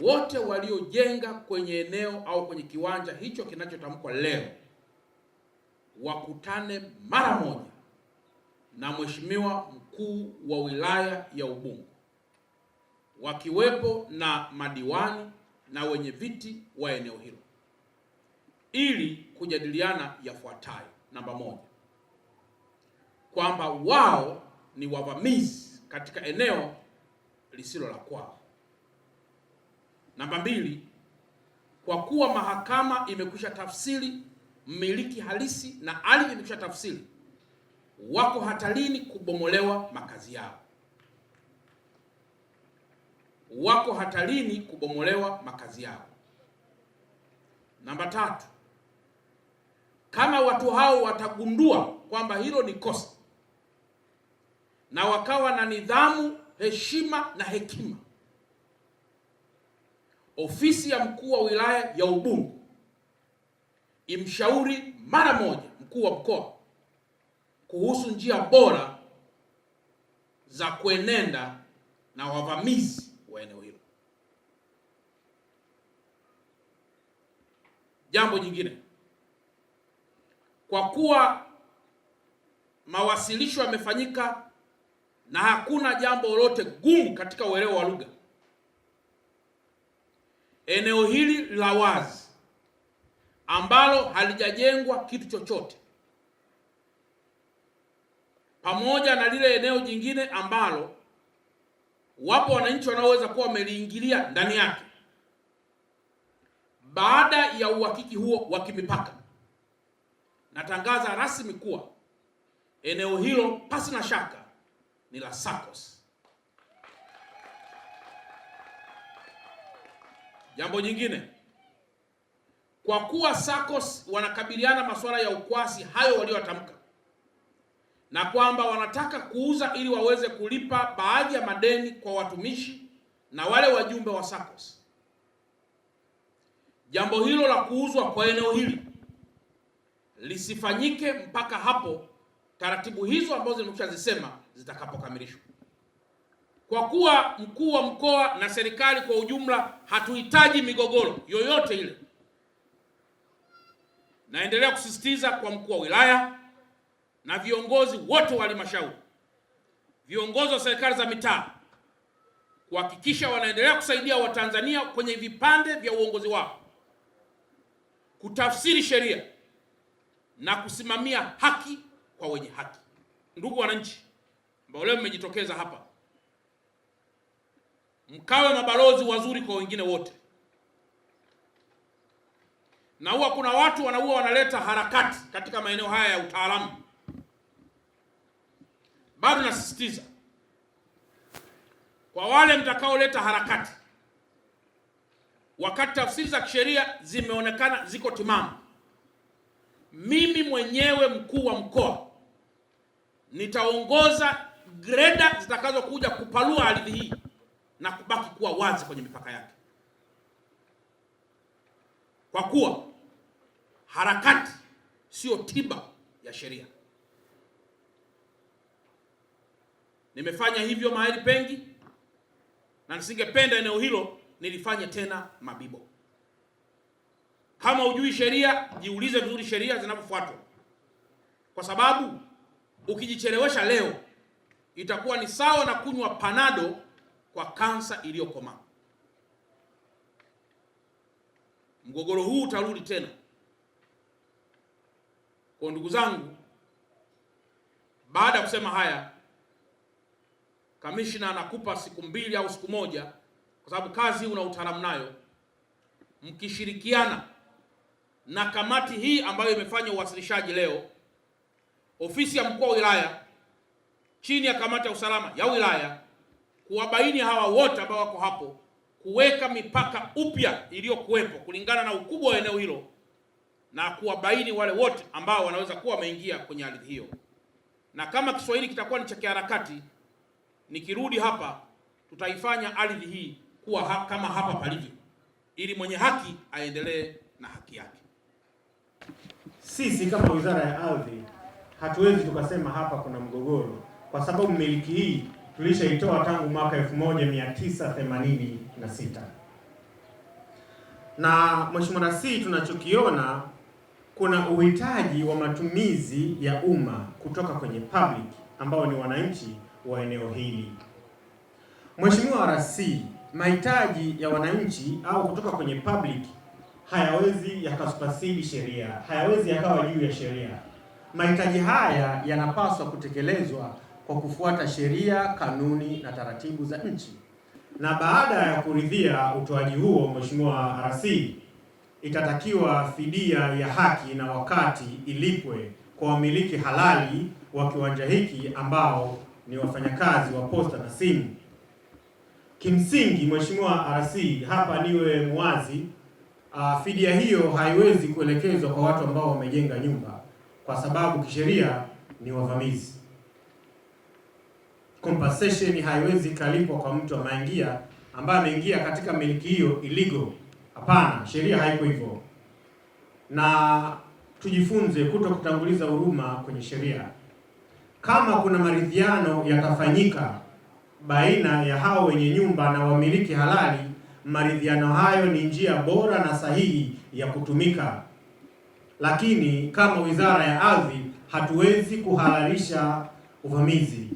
wote waliojenga kwenye eneo au kwenye kiwanja hicho kinachotamkwa leo wakutane mara moja na mheshimiwa mkuu wa wilaya ya Ubungo, wakiwepo na madiwani na wenye viti wa eneo hilo ili kujadiliana yafuatayo. Namba moja, kwamba wao ni wavamizi katika eneo lisilo la kwao. Namba mbili, kwa kuwa mahakama imekwisha tafsiri mmiliki halisi na ardhi imekwisha tafsiri, wako hatarini kubomolewa makazi yao, wako hatarini kubomolewa makazi yao. Namba tatu, kama watu hao watagundua kwamba hilo ni kosa na wakawa na nidhamu, heshima na hekima ofisi ya mkuu wa wilaya ya Ubungo imshauri mara moja mkuu wa mkoa kuhusu njia bora za kuenenda na wavamizi wa eneo hilo. Jambo jingine, kwa kuwa mawasilisho yamefanyika na hakuna jambo lolote gumu katika uelewa wa lugha eneo hili la wazi ambalo halijajengwa kitu chochote, pamoja na lile eneo jingine ambalo wapo wananchi wanaoweza kuwa wameliingilia ndani yake, baada ya uhakiki huo wa kimipaka, natangaza rasmi kuwa eneo hilo pasi na shaka ni la SACCOS. Jambo jingine, kwa kuwa SACCOS wanakabiliana masuala ya ukwasi hayo walioyatamka, na kwamba wanataka kuuza ili waweze kulipa baadhi ya madeni kwa watumishi na wale wajumbe wa SACCOS, jambo hilo la kuuzwa kwa eneo hili lisifanyike mpaka hapo taratibu hizo ambazo nimeshazisema zitakapokamilishwa. Kwa kuwa mkuu wa mkoa na serikali kwa ujumla hatuhitaji migogoro yoyote ile. Naendelea kusisitiza kwa mkuu wa wilaya na viongozi wote wa halmashauri, viongozi wa serikali za mitaa kuhakikisha wanaendelea kusaidia Watanzania kwenye vipande vya uongozi wao, kutafsiri sheria na kusimamia haki kwa wenye haki. Ndugu wananchi ambao leo mmejitokeza hapa mkawe mabalozi wazuri kwa wengine wote. Na huwa kuna watu wanaua wanaleta harakati katika maeneo haya ya utaalamu. Bado nasisitiza kwa wale mtakaoleta harakati wakati tafsiri za kisheria zimeonekana ziko timamu, mimi mwenyewe mkuu wa mkoa nitaongoza greda zitakazokuja kupalua ardhi hii na kubaki kuwa wazi kwenye mipaka yake, kwa kuwa harakati sio tiba ya sheria. Nimefanya hivyo mahali pengi na nisingependa eneo hilo nilifanye tena Mabibo. Kama hujui sheria, jiulize vizuri sheria zinavyofuatwa, kwa sababu ukijichelewesha leo itakuwa ni sawa na kunywa panado kwa kansa iliyokomaa. Mgogoro huu utarudi tena. Kwa ndugu zangu, baada ya kusema haya, kamishna anakupa siku mbili au siku moja, kwa sababu kazi una utaalamu nayo, mkishirikiana na kamati hii ambayo imefanya uwasilishaji leo, ofisi ya mkuu wa wilaya chini ya kamati ya usalama ya wilaya kuwabaini hawa wote ambao wako hapo, kuweka mipaka upya iliyokuwepo kulingana na ukubwa wa eneo hilo na kuwabaini wale wote ambao wanaweza kuwa wameingia kwenye ardhi hiyo. Na kama Kiswahili kitakuwa ni cha kiharakati, nikirudi hapa, tutaifanya ardhi hii kuwa ha kama hapa palivyo, ili mwenye haki aendelee na haki yake. Sisi kama Wizara ya Ardhi hatuwezi tukasema hapa kuna mgogoro, kwa sababu miliki hii tulishaitoa tangu mwaka 1986 na Mheshimiwa Rais, tunachokiona kuna uhitaji wa matumizi ya umma kutoka kwenye public ambao ni wananchi wa eneo hili. Mheshimiwa Rais, mahitaji ya wananchi au kutoka kwenye public hayawezi yakasupasidi sheria, hayawezi yakawa juu ya sheria. Mahitaji haya yanapaswa kutekelezwa kwa kufuata sheria, kanuni na taratibu za nchi. Na baada ya kuridhia utoaji huo, Mheshimiwa RC, itatakiwa fidia ya haki na wakati ilipwe kwa wamiliki halali wa kiwanja hiki ambao ni wafanyakazi wa posta na simu. Kimsingi Mheshimiwa RC, hapa niwe mwazi, uh, fidia hiyo haiwezi kuelekezwa kwa watu ambao wamejenga nyumba kwa sababu kisheria ni wavamizi compensation haiwezi kalipwa kwa mtu ameingia ambaye ameingia katika miliki hiyo illegal. Hapana, sheria haiko hivyo, na tujifunze kuto kutanguliza huruma kwenye sheria. Kama kuna maridhiano yatafanyika baina ya hao wenye nyumba na wamiliki halali, maridhiano hayo ni njia bora na sahihi ya kutumika, lakini kama Wizara ya Ardhi hatuwezi kuhalalisha uvamizi.